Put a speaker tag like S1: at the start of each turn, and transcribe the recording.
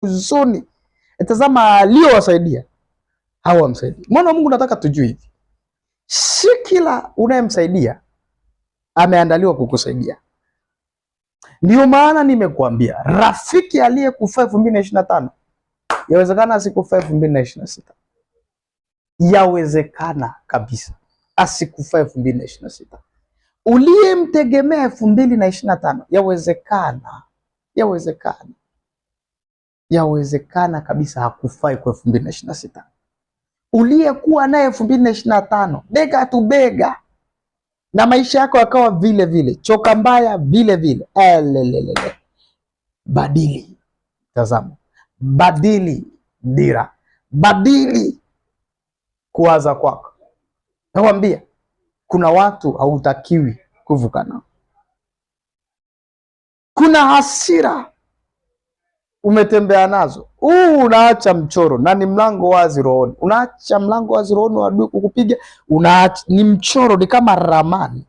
S1: huzuni. Tazama aliyowasaidia hawa Mwana wa Mungu, nataka tujue hivi, si kila unayemsaidia ameandaliwa kukusaidia. ndio maana nimekuambia rafiki aliyekufa elfu mbili na ishirini na tano yawezekana asikufa elfu mbili na ishirini na sita yawezekana kabisa asikufa elfu mbili na ishirini na sita Uliyemtegemea elfu mbili na ishirini na tano yawezekana, yawezekana yawezekana kabisa hakufai kwa elfu mbili na ishirini na sita. Uliyekuwa naye elfu mbili na ishirini na tano bega tu bega na maisha yako yakawa vile vile, choka mbaya vile vile. Elelelele, eh, badili tazamo, badili dira, badili kuwaza kwako. Nakwambia kuna watu hautakiwi kuvuka nao. Kuna hasira umetembea nazo, huu unaacha mchoro na ni mlango wazi rohoni. Unaacha mlango wazi rohoni wa adui kukupiga, unaacha ni mchoro, ni kama ramani.